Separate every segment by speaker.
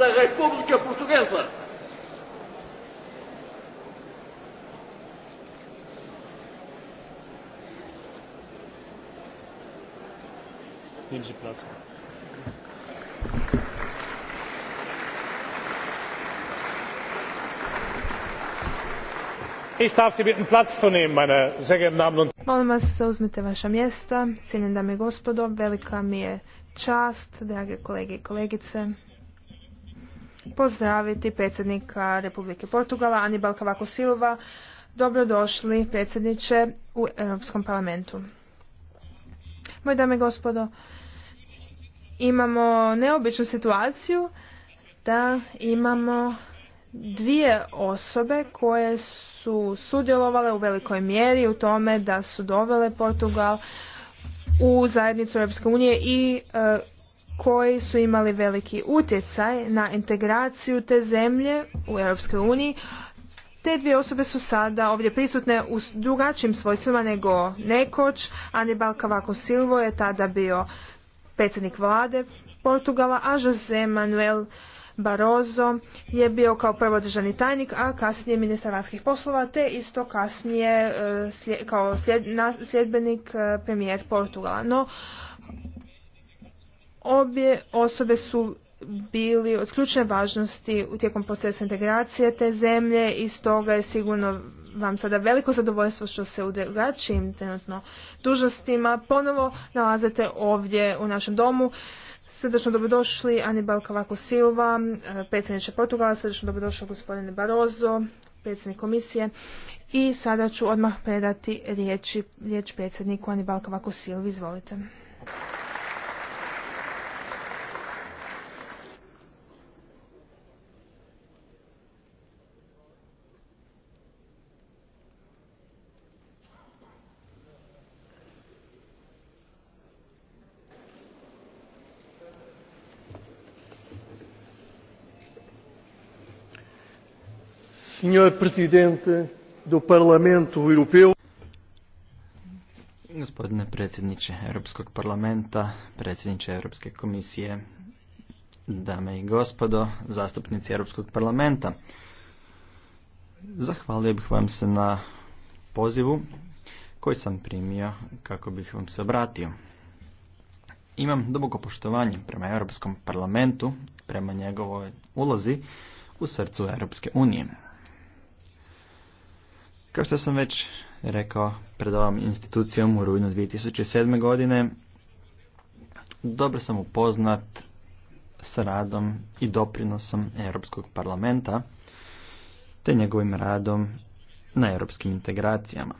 Speaker 1: da República Portuguesa.
Speaker 2: Ich darf Sie bitten, Platz zu nehmen, meine sehr geehrten Damen und Herren. Molim vas, zauzmite vaša mjesta. cijenim dame i gospodo, velika mi je čast, drage kolege i kolegice pozdraviti predsjednika Republike Portugala, Anibal Cavaco Silva. Dobrodošli predsjedniče u Europskom parlamentu. Moje dame i gospodo, imamo neobičnu situaciju da imamo dvije osobe koje su sudjelovale u velikoj mjeri u tome da su dovele Portugal u zajednicu Europske unije i e, koji su imali veliki utjecaj na integraciju te zemlje u Europskoj uniji. Te dvije osobe su sada ovdje prisutne u drugačijim svojstvima nego nekoć. Anibal Cavaco Silvo je tada bio predsjednik vlade Portugala, a José Manuel Barroso je bio kao prvo državni tajnik, a kasnije ministar vanjskih poslova, te isto kasnije e, kao sljedbenik e, premijer Portugala. No, Obje osobe su bili od ključne važnosti u tijekom procesa integracije te zemlje i stoga je sigurno vam sada veliko zadovoljstvo što se u drugačijim trenutno dužnostima ponovo nalazite ovdje u našem domu. Srdečno dobrodošli Anibal Cavaco Silva, e, predsjedniče Portugala, srdečno dobrodošao gospodine Barozo, predsjednik komisije. I sada ću odmah predati riječi, riječ predsjedniku Anibal Cavaco Silvi, izvolite.
Speaker 1: do Gospodine predsjedniče Europskog parlamenta, predsjedniče Europske komisije, dame i gospodo, zastupnici Europskog parlamenta. Zahvalio bih vam se na pozivu koji sam primio kako bih vam se obratio. Imam duboko poštovanje prema Europskom parlamentu, prema njegovoj ulozi u srcu Europske unije. Kao što sam već rekao pred ovom institucijom u rujnu 2007. godine, dobro sam upoznat sa radom i doprinosom Europskog parlamenta te njegovim radom na europskim integracijama.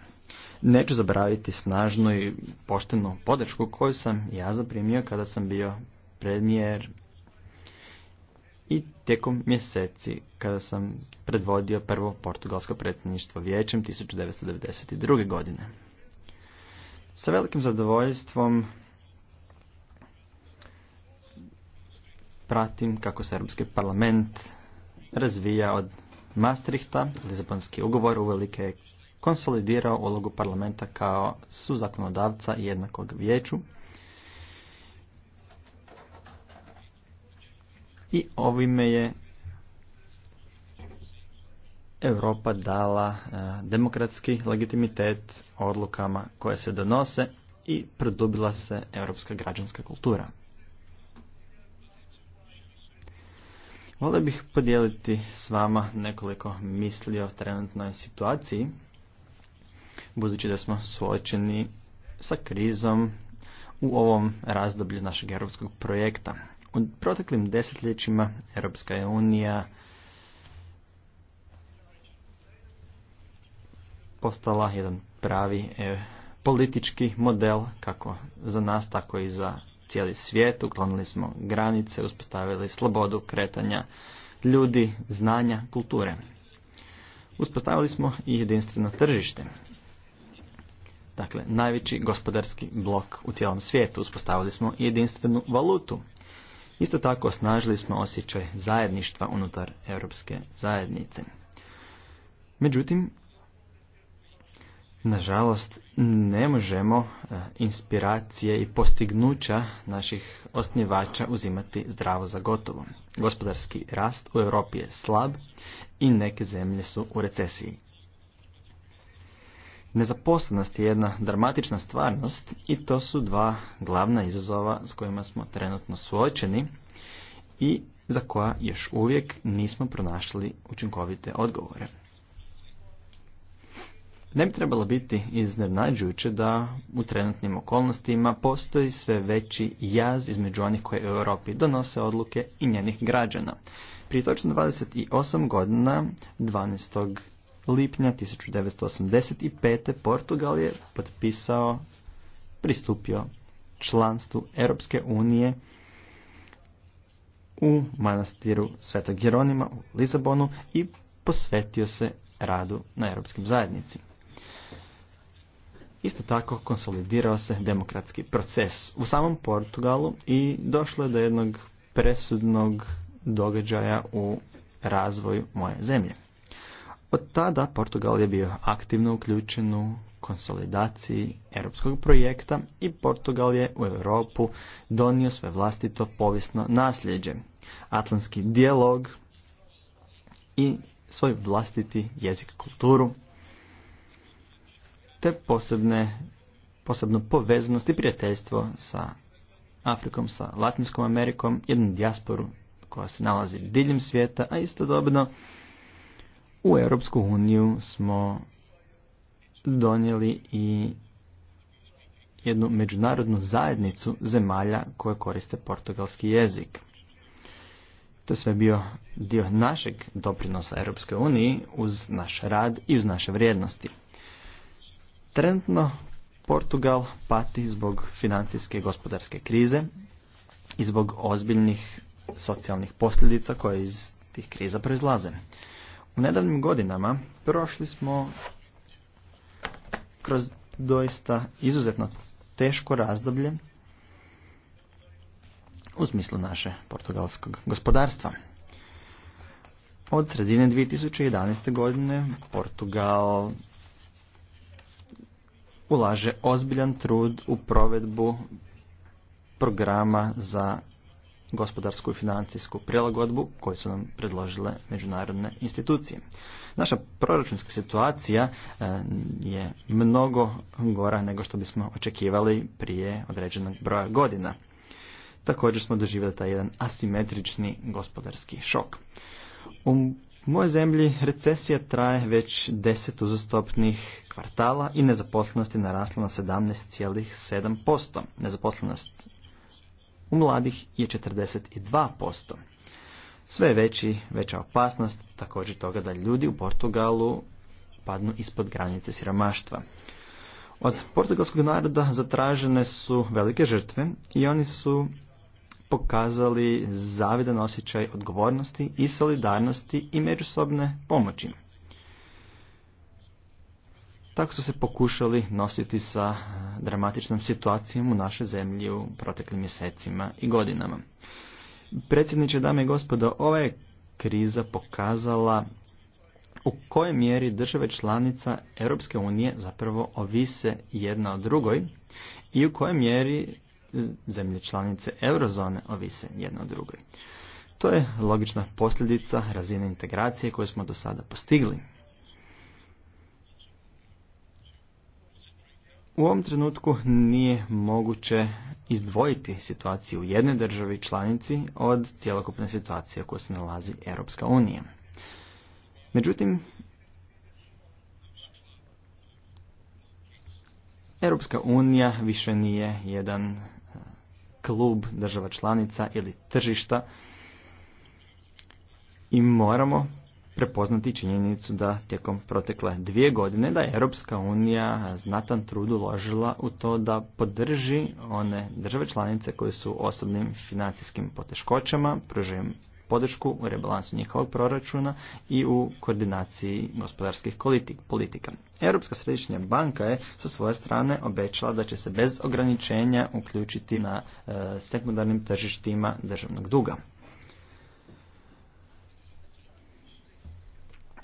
Speaker 1: Neću zaboraviti snažnu i poštenu podršku koju sam ja zaprimio kada sam bio premijer i tijekom mjeseci kada sam predvodio prvo portugalsko predsjedništvo vijećem 1992. godine. Sa velikim zadovoljstvom pratim kako se Europski parlament razvija od Maastrichta, Lizabonski ugovor uvelike velike konsolidirao ulogu parlamenta kao suzakonodavca jednakog vijeću I ovime je Europa dala e, demokratski legitimitet odlukama koje se donose i produbila se europska građanska kultura. Volio bih podijeliti s vama nekoliko misli o trenutnoj situaciji, budući da smo suočeni sa krizom u ovom razdoblju našeg europskog projekta. U proteklim desetljećima Europska unija postala jedan pravi e, politički model kako za nas, tako i za cijeli svijet. Uklonili smo granice, uspostavili slobodu kretanja ljudi, znanja, kulture. Uspostavili smo i jedinstveno tržište. Dakle, najveći gospodarski blok u cijelom svijetu. Uspostavili smo i jedinstvenu valutu. Isto tako osnažili smo osjećaj zajedništva unutar europske zajednice. Međutim, nažalost, ne možemo e, inspiracije i postignuća naših osnivača uzimati zdravo za gotovo. Gospodarski rast u Europi je slab i neke zemlje su u recesiji. Nezaposlenost je jedna dramatična stvarnost i to su dva glavna izazova s kojima smo trenutno suočeni i za koja još uvijek nismo pronašli učinkovite odgovore. Ne bi trebalo biti iznenađujuće da u trenutnim okolnostima postoji sve veći jaz između onih koji u Europi donose odluke i njenih građana. Prije točno 28 godina, 12 lipnja 1985. Portugal je potpisao, pristupio članstvu Europske unije u manastiru Svetog Jeronima u Lizabonu i posvetio se radu na europskim zajednici. Isto tako konsolidirao se demokratski proces u samom Portugalu i došlo je do jednog presudnog događaja u razvoju moje zemlje. Od tada Portugal je bio aktivno uključen u konsolidaciji europskog projekta i Portugal je u Europu donio sve vlastito povijesno nasljeđe, atlantski dijalog i svoj vlastiti jezik i kulturu, te posebne, posebnu povezanost i prijateljstvo sa Afrikom, sa Latinskom Amerikom, jednu dijasporu koja se nalazi diljem svijeta, a istodobno u Europsku uniju smo donijeli i jednu međunarodnu zajednicu zemalja koje koriste portugalski jezik. To je sve bio dio našeg doprinosa Europske uniji uz naš rad i uz naše vrijednosti. Trenutno Portugal pati zbog financijske i gospodarske krize i zbog ozbiljnih socijalnih posljedica koje iz tih kriza proizlaze. U nedavnim godinama prošli smo kroz doista izuzetno teško razdoblje u smislu naše portugalskog gospodarstva. Od sredine 2011. godine Portugal ulaže ozbiljan trud u provedbu programa za gospodarsku i financijsku prilagodbu koju su nam predložile međunarodne institucije. Naša proračunska situacija e, je mnogo gora nego što bismo očekivali prije određenog broja godina. Također smo doživjeli taj jedan asimetrični gospodarski šok. U mojoj zemlji recesija traje već deset uzastopnih kvartala i nezaposlenost je narasla na 17,7%. Nezaposlenost u mladih je 42%. Sve veći, veća opasnost također toga da ljudi u Portugalu padnu ispod granice siromaštva. Od portugalskog naroda zatražene su velike žrtve i oni su pokazali zavidan osjećaj odgovornosti i solidarnosti i međusobne pomoći. Tako su se pokušali nositi sa eh, dramatičnom situacijom u našoj zemlji u proteklim mjesecima i godinama. Predsjedniče, dame i gospodo, ova je kriza pokazala u kojoj mjeri države članica Europske unije zapravo ovise jedna od drugoj i u kojoj mjeri zemlje članice eurozone ovise jedna od drugoj. To je logična posljedica razine integracije koju smo do sada postigli. U ovom trenutku nije moguće izdvojiti situaciju u jednoj državi članici od cjelokupne situacije u kojoj se nalazi Europska unija. Međutim, Europska unija više nije jedan e, klub država članica ili tržišta i moramo prepoznati činjenicu da tijekom protekle dvije godine da je Europska unija znatan trud uložila u to da podrži one države članice koje su osobnim financijskim poteškoćama, pružaju podršku u rebalansu njihovog proračuna i u koordinaciji gospodarskih politika. Europska središnja banka je sa svoje strane obećala da će se bez ograničenja uključiti na e, sekundarnim tržištima državnog duga.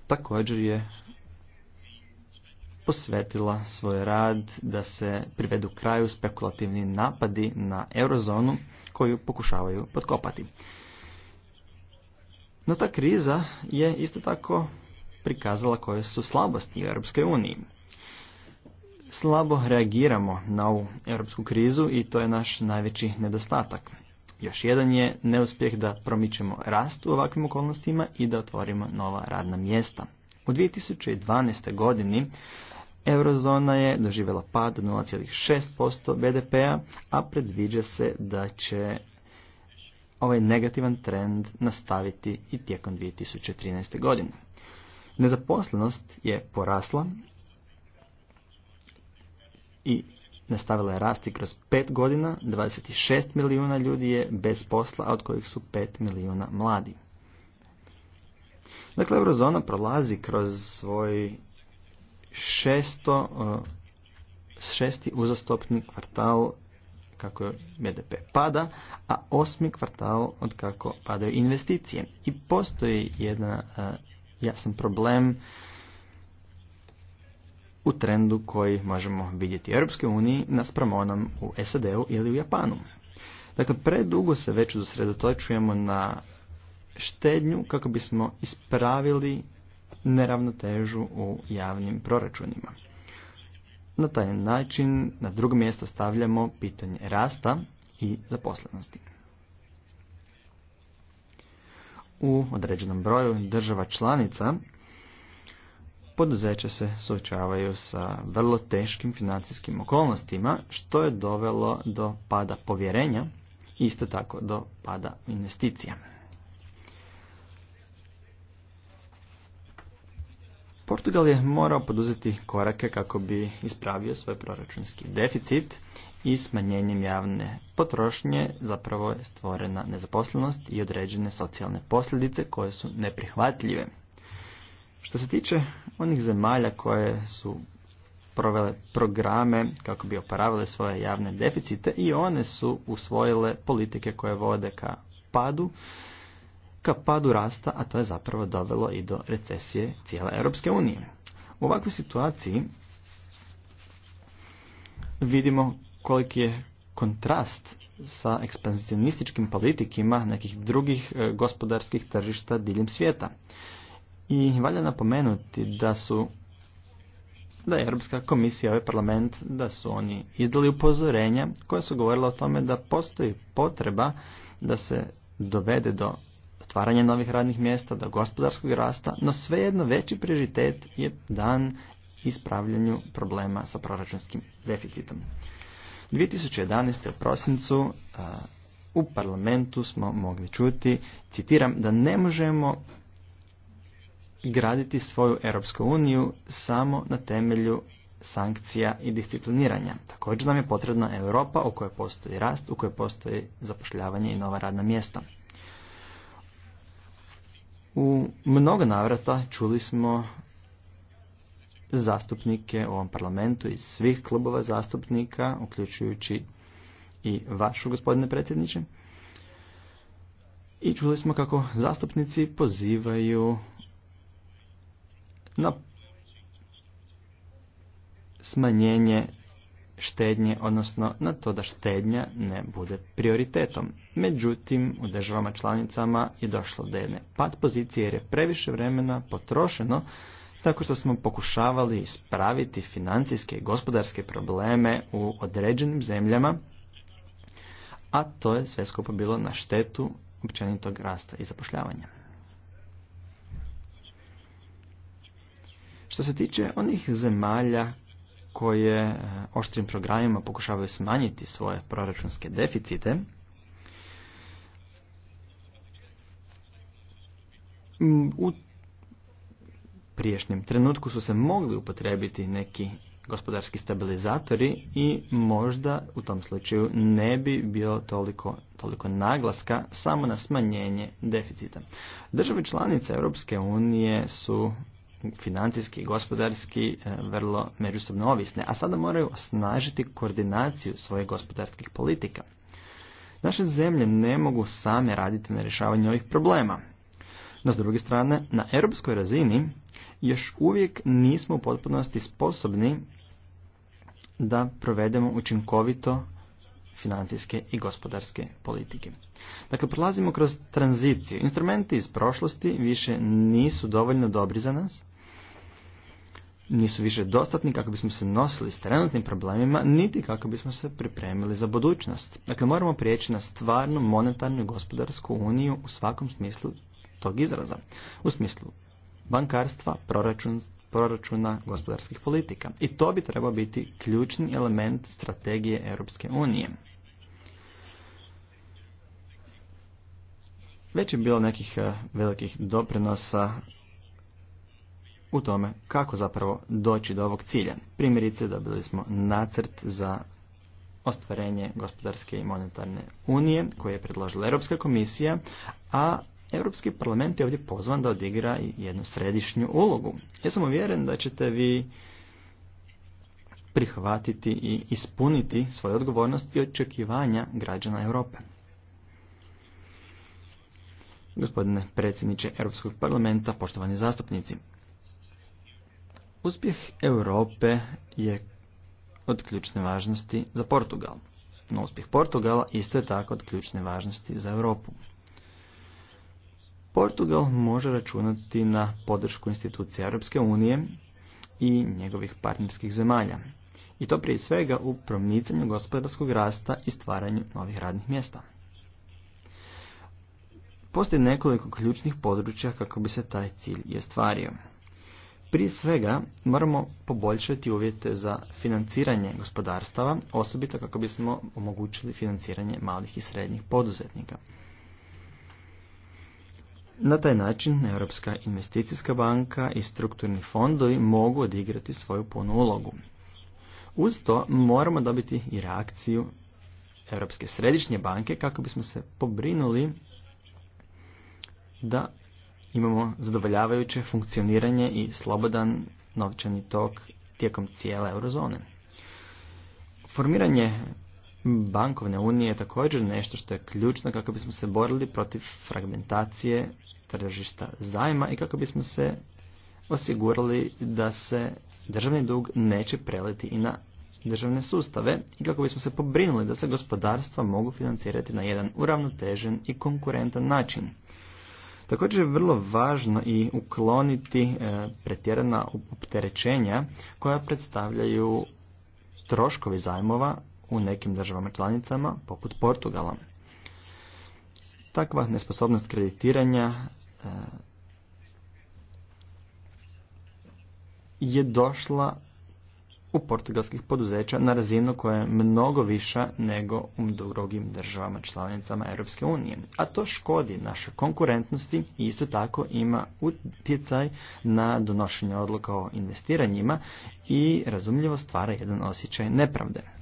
Speaker 1: također je posvetila svoj rad da se privedu kraju spekulativni napadi na eurozonu koju pokušavaju podkopati. No ta kriza je isto tako prikazala koje su slabosti Europske unije. Slabo reagiramo na ovu europsku krizu i to je naš najveći nedostatak. Još jedan je neuspjeh da promičemo rast u ovakvim okolnostima i da otvorimo nova radna mjesta. U 2012. godini eurozona je doživjela pad od 0,6% BDP-a, a predviđa se da će ovaj negativan trend nastaviti i tijekom 2013. godine. Nezaposlenost je porasla i nastavila je rasti kroz pet godina, 26 milijuna ljudi je bez posla, a od kojih su 5 milijuna mladi. Dakle, eurozona prolazi kroz svoj šesto, eh, šesti uzastopni kvartal kako BDP pada, a osmi kvartal od kako padaju investicije. I postoji jedan eh, jasan problem u trendu koji možemo vidjeti u Europskoj uniji na u SAD-u ili u Japanu. Dakle, predugo se već usredotočujemo na štednju kako bismo ispravili neravnotežu u javnim proračunima. Na taj način na drugo mjesto stavljamo pitanje rasta i zaposlenosti. U određenom broju država članica poduzeća se suočavaju sa vrlo teškim financijskim okolnostima, što je dovelo do pada povjerenja i isto tako do pada investicija. Portugal je morao poduzeti korake kako bi ispravio svoj proračunski deficit i smanjenjem javne potrošnje zapravo je stvorena nezaposlenost i određene socijalne posljedice koje su neprihvatljive. Što se tiče onih zemalja koje su provele programe kako bi oporavile svoje javne deficite i one su usvojile politike koje vode ka padu, ka padu rasta, a to je zapravo dovelo i do recesije cijele Europske unije. U ovakvoj situaciji vidimo koliki je kontrast sa ekspansionističkim politikima nekih drugih e, gospodarskih tržišta diljem svijeta. I valja napomenuti da su da je Europska komisija, ovaj parlament, da su oni izdali upozorenja koje su govorila o tome da postoji potreba da se dovede do otvaranja novih radnih mjesta, do gospodarskog rasta, no svejedno veći prioritet je dan ispravljanju problema sa proračunskim deficitom. 2011. u prosincu u parlamentu smo mogli čuti, citiram, da ne možemo graditi svoju Europsku uniju samo na temelju sankcija i discipliniranja. Također nam je potrebna Europa u kojoj postoji rast, u kojoj postoji zapošljavanje i nova radna mjesta. U mnogo navrata čuli smo zastupnike u ovom parlamentu iz svih klubova zastupnika, uključujući i vašu, gospodine predsjedniče. I čuli smo kako zastupnici pozivaju na smanjenje štednje, odnosno na to da štednja ne bude prioritetom. Međutim, u državama članicama je došlo do jedne pad pozicije jer je previše vremena potrošeno tako što smo pokušavali ispraviti financijske i gospodarske probleme u određenim zemljama, a to je sve skupo bilo na štetu općenitog rasta i zapošljavanja. Što se tiče onih zemalja koje e, oštrim programima pokušavaju smanjiti svoje proračunske deficite, u priješnjem trenutku su se mogli upotrebiti neki gospodarski stabilizatori i možda u tom slučaju ne bi bilo toliko, toliko naglaska samo na smanjenje deficita. Države članice Europske unije su financijski i gospodarski e, vrlo međusobno ovisne, a sada moraju osnažiti koordinaciju svojih gospodarskih politika. Naše zemlje ne mogu same raditi na rješavanju ovih problema. No, s druge strane, na europskoj razini još uvijek nismo u potpunosti sposobni da provedemo učinkovito financijske i gospodarske politike. Dakle, prolazimo kroz tranziciju. Instrumenti iz prošlosti više nisu dovoljno dobri za nas nisu više dostatni kako bismo se nosili s trenutnim problemima, niti kako bismo se pripremili za budućnost. Dakle, moramo prijeći na stvarnu monetarnu i gospodarsku uniju u svakom smislu tog izraza. U smislu bankarstva, proračuna, gospodarskih politika. I to bi trebao biti ključni element strategije Europske unije. Već je bilo nekih eh, velikih doprinosa u tome kako zapravo doći do ovog cilja. Primjerice dobili smo nacrt za ostvarenje gospodarske i monetarne unije koje je predložila Europska komisija, a Europski parlament je ovdje pozvan da odigra jednu središnju ulogu. Ja sam uvjeren da ćete vi prihvatiti i ispuniti svoju odgovornost i očekivanja građana Europe. Gospodine predsjedniče Europskog parlamenta, poštovani zastupnici, Uspjeh Europe je od ključne važnosti za Portugal. No uspjeh Portugala isto je tako od ključne važnosti za Europu. Portugal može računati na podršku institucija Europske unije i njegovih partnerskih zemalja. I to prije svega u promicanju gospodarskog rasta i stvaranju novih radnih mjesta. Postoji nekoliko ključnih područja kako bi se taj cilj je ostvario. Prije svega moramo poboljšati uvjete za financiranje gospodarstava, osobito kako bismo omogućili financiranje malih i srednjih poduzetnika. Na taj način Europska investicijska banka i strukturni fondovi mogu odigrati svoju punu ulogu. Uz to moramo dobiti i reakciju Europske središnje banke kako bismo se pobrinuli da imamo zadovoljavajuće funkcioniranje i slobodan novčani tok tijekom cijele eurozone. Formiranje bankovne unije je također nešto što je ključno kako bismo se borili protiv fragmentacije tržišta zajma i kako bismo se osigurali da se državni dug neće preliti i na državne sustave i kako bismo se pobrinuli da se gospodarstva mogu financirati na jedan uravnotežen i konkurentan način. Također je vrlo važno i ukloniti e, pretjerana opterećenja koja predstavljaju troškovi zajmova u nekim državama članicama, poput Portugala. Takva nesposobnost kreditiranja e, je došla portugalskih poduzeća na razinu koja je mnogo viša nego u drugim državama članicama Europske unije. A to škodi našoj konkurentnosti i isto tako ima utjecaj na donošenje odluka o investiranjima i razumljivo stvara jedan osjećaj nepravde.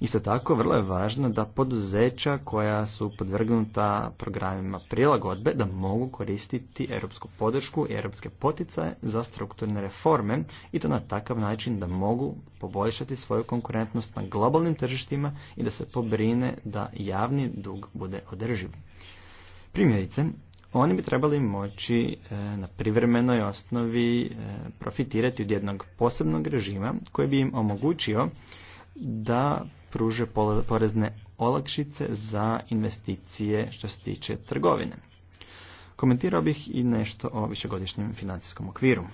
Speaker 1: Isto tako, vrlo je važno da poduzeća koja su podvrgnuta programima prilagodbe da mogu koristiti europsku podršku i europske poticaje za strukturne reforme i to na takav način da mogu poboljšati svoju konkurentnost na globalnim tržištima i da se pobrine da javni dug bude održiv. Primjerice, oni bi trebali moći e, na privremenoj osnovi e, profitirati od jednog posebnog režima koji bi im omogućio da pruže porezne olakšice za investicije što se tiče trgovine. Komentirao bih i nešto o višegodišnjem financijskom okviru.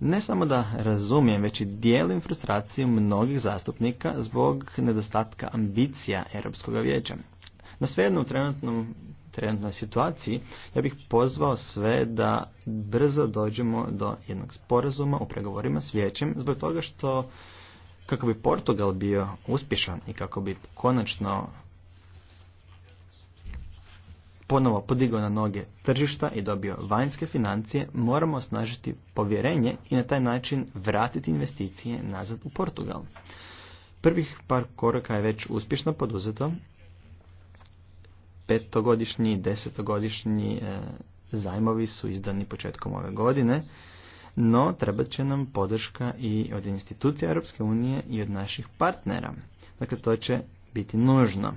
Speaker 1: Ne samo da razumijem, već i dijelim frustraciju mnogih zastupnika zbog nedostatka ambicija Europskog vijeća. Na svejedno trenutnom trenutnoj situaciji, ja bih pozvao sve da brzo dođemo do jednog sporazuma u pregovorima s vijećem zbog toga što kako bi Portugal bio uspješan i kako bi konačno ponovo podigao na noge tržišta i dobio vanjske financije, moramo osnažiti povjerenje i na taj način vratiti investicije nazad u Portugal. Prvih par koraka je već uspješno poduzeto, petogodišnji desetogodišnji e, zajmovi su izdani početkom ove godine, no trebat će nam podrška i od institucija Europske unije i od naših partnera. Dakle, to će biti nužno.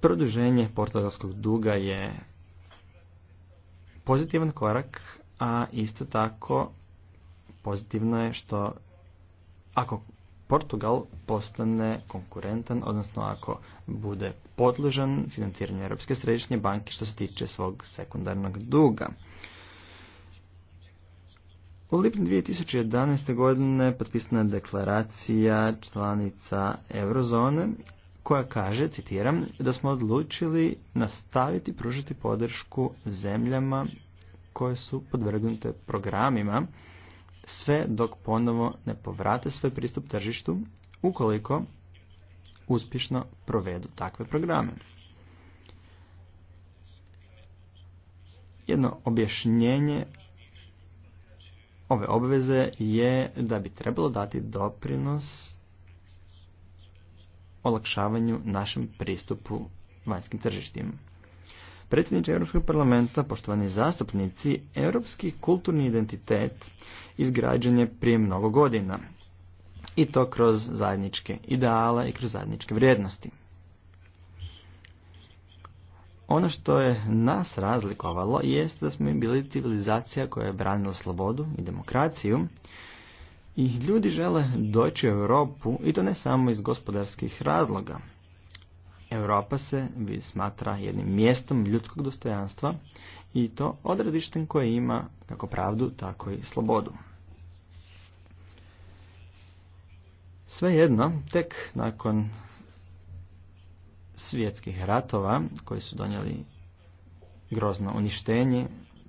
Speaker 1: Produženje portugalskog duga je pozitivan korak, a isto tako pozitivno je što ako Portugal postane konkurentan, odnosno ako bude podložan financiranju Europske središnje banke što se tiče svog sekundarnog duga. U lipnju 2011. godine potpisana je deklaracija članica Eurozone koja kaže, citiram, da smo odlučili nastaviti pružiti podršku zemljama koje su podvrgnute programima sve dok ponovo ne povrate svoj pristup tržištu ukoliko uspješno provedu takve programe. Jedno objašnjenje ove obveze je da bi trebalo dati doprinos olakšavanju našem pristupu vanjskim tržištima. Predsjedniče Europskog parlamenta, poštovani zastupnici, europski kulturni identitet izgrađen je prije mnogo godina. I to kroz zajedničke ideale i kroz zajedničke vrijednosti. Ono što je nas razlikovalo jest da smo bili civilizacija koja je branila slobodu i demokraciju i ljudi žele doći u Europu i to ne samo iz gospodarskih razloga, Europa se bi smatra jednim mjestom ljudskog dostojanstva i to odredištem koje ima kako pravdu, tako i slobodu. Svejedno, tek nakon svjetskih ratova koji su donijeli grozno uništenje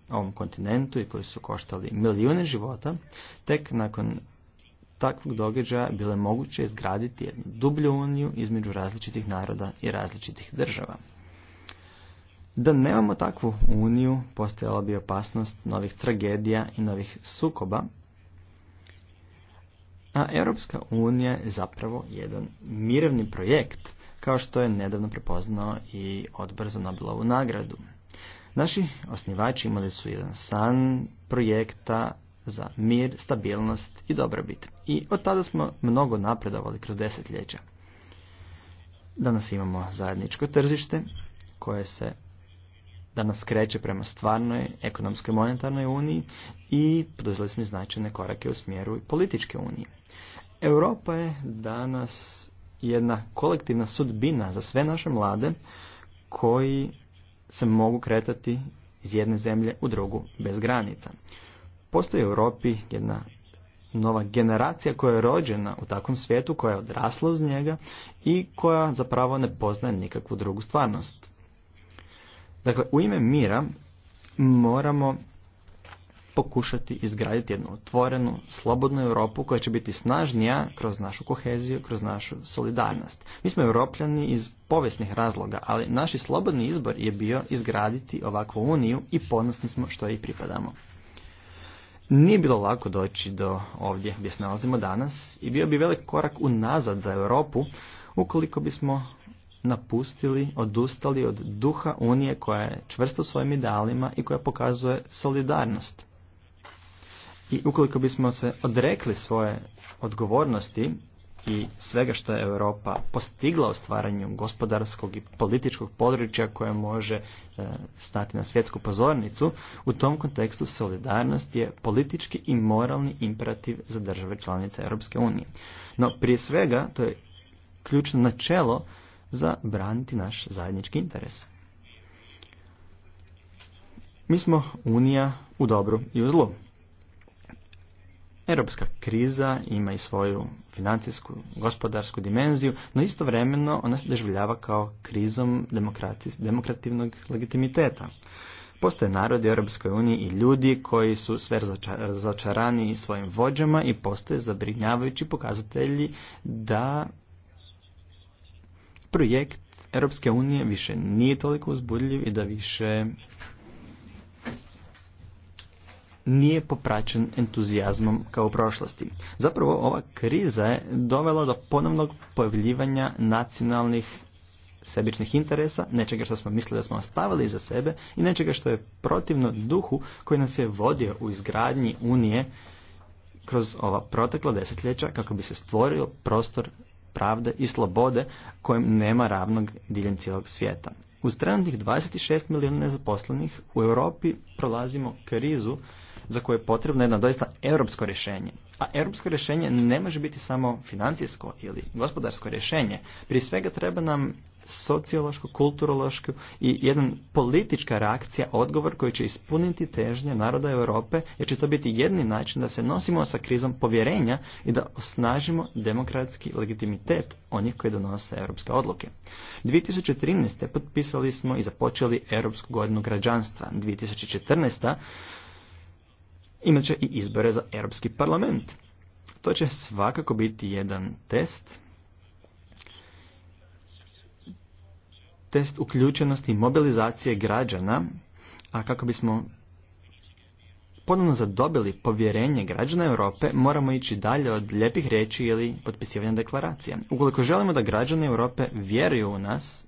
Speaker 1: ovom kontinentu i koji su koštali milijune života, tek nakon takvog događaja bilo je moguće izgraditi jednu dublju uniju između različitih naroda i različitih država. Da nemamo takvu uniju, postojala bi opasnost novih tragedija i novih sukoba, a Europska unija je zapravo jedan mirovni projekt, kao što je nedavno prepoznao i odbor za Nobelovu nagradu. Naši osnivači imali su jedan san projekta za mir, stabilnost i dobrobit. I od tada smo mnogo napredovali kroz desetljeća. Danas imamo zajedničko tržište koje se danas kreće prema stvarnoj ekonomskoj monetarnoj uniji i poduzeli smo značajne korake u smjeru političke unije. Europa je danas jedna kolektivna sudbina za sve naše mlade koji se mogu kretati iz jedne zemlje u drugu bez granica. Postoji u Europi jedna nova generacija koja je rođena u takvom svijetu, koja je odrasla uz njega i koja zapravo ne poznaje nikakvu drugu stvarnost. Dakle, u ime mira moramo pokušati izgraditi jednu otvorenu, slobodnu Europu koja će biti snažnija kroz našu koheziju, kroz našu solidarnost. Mi smo europljani iz povijesnih razloga, ali naš slobodni izbor je bio izgraditi ovakvu uniju i ponosni smo što i pripadamo. Nije bilo lako doći do ovdje gdje se nalazimo danas i bio bi velik korak unazad za Europu ukoliko bismo napustili, odustali od duha Unije koja je čvrsto svojim idealima i koja pokazuje solidarnost. I ukoliko bismo se odrekli svoje odgovornosti i svega što je Europa postigla u stvaranju gospodarskog i političkog područja koje može e, stati na svjetsku pozornicu, u tom kontekstu solidarnost je politički i moralni imperativ za države članice Europske unije. No prije svega to je ključno načelo za braniti naš zajednički interes. Mi smo unija u dobru i u zlu. Europska kriza ima i svoju financijsku, gospodarsku dimenziju, no istovremeno ona se doživljava kao krizom demokrativnog legitimiteta. Postoje narodi u Europskoj i ljudi koji su sve začarani svojim vođama i postoje zabrinjavajući pokazatelji da projekt Europske unije više nije toliko uzbudljiv i da više nije popraćen entuzijazmom kao u prošlosti. Zapravo ova kriza je dovela do ponovnog pojavljivanja nacionalnih sebičnih interesa, nečega što smo mislili da smo ostavili iza sebe i nečega što je protivno duhu koji nas je vodio u izgradnji Unije kroz ova protekla desetljeća kako bi se stvorio prostor pravde i slobode kojem nema ravnog diljem cijelog svijeta. Uz trenutnih 26 milijuna nezaposlenih u Europi prolazimo krizu za koje je potrebno jedno doista europsko rješenje. A europsko rješenje ne može biti samo financijsko ili gospodarsko rješenje. Prije svega treba nam sociološko, kulturološko i jedan politička reakcija, odgovor koji će ispuniti težnje naroda Europe, jer će to biti jedni način da se nosimo sa krizom povjerenja i da osnažimo demokratski legitimitet onih koji donose europske odluke. 2013. potpisali smo i započeli Europsku godinu građanstva. 2014 imat će i izbore za Europski parlament. To će svakako biti jedan test. Test uključenosti i mobilizacije građana, a kako bismo ponovno zadobili povjerenje građana Europe, moramo ići dalje od lijepih riječi ili potpisivanja deklaracija. Ukoliko želimo da građani Europe vjeruju u nas,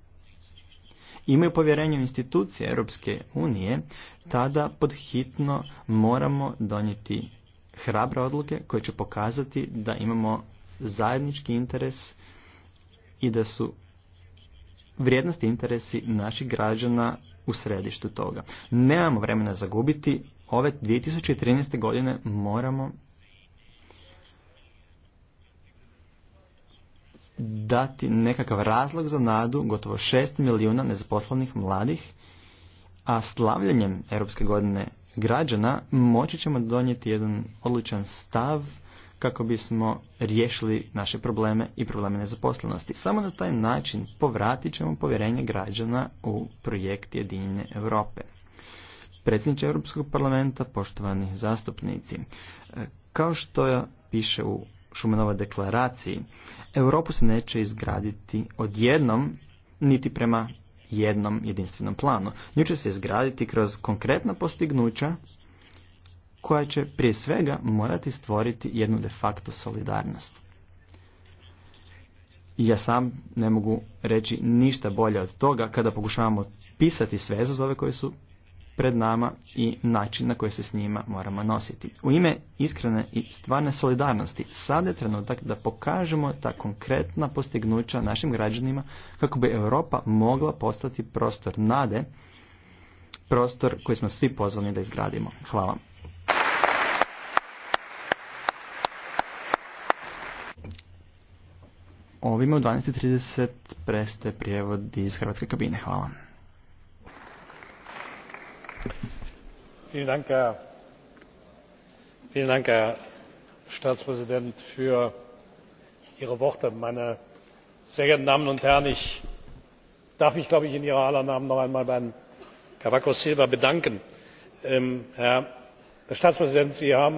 Speaker 1: imaju povjerenje u institucije Europske unije, tada podhitno moramo donijeti hrabre odluke koje će pokazati da imamo zajednički interes i da su vrijednosti interesi naših građana u središtu toga. Nemamo vremena zagubiti, ove 2013. godine moramo dati nekakav razlog za nadu gotovo šest milijuna nezaposlenih mladih, a slavljanjem Europske godine građana moći ćemo donijeti jedan odličan stav kako bismo riješili naše probleme i probleme nezaposlenosti. Samo na taj način povratit ćemo povjerenje građana u projekt Jedinjene Europe. Predsjedniče Europskog parlamenta, poštovani zastupnici, e, kao što piše u Šumanovoj deklaraciji, Europu se neće izgraditi odjednom, niti prema jednom jedinstvenom planu. Nju će se izgraditi kroz konkretna postignuća koja će prije svega morati stvoriti jednu de facto solidarnost. I ja sam ne mogu reći ništa bolje od toga kada pokušavamo pisati sve izazove koje su pred nama i način na koji se s njima moramo nositi. U ime iskrene i stvarne solidarnosti, sad je trenutak da pokažemo ta konkretna postignuća našim građanima kako bi Europa mogla postati prostor nade, prostor koji smo svi pozvani da izgradimo. Hvala. Ovime u 12.30 preste prijevod iz Hrvatske kabine. Hvala
Speaker 2: vielen dank herr staatspräsident für ihre worte. meine sehr geehrten damen und herren! ich darf mich glaube ich, in ihrer aller namen noch einmal bei herrn cavaco silva bedanken. Ähm, herr staatspräsident sie haben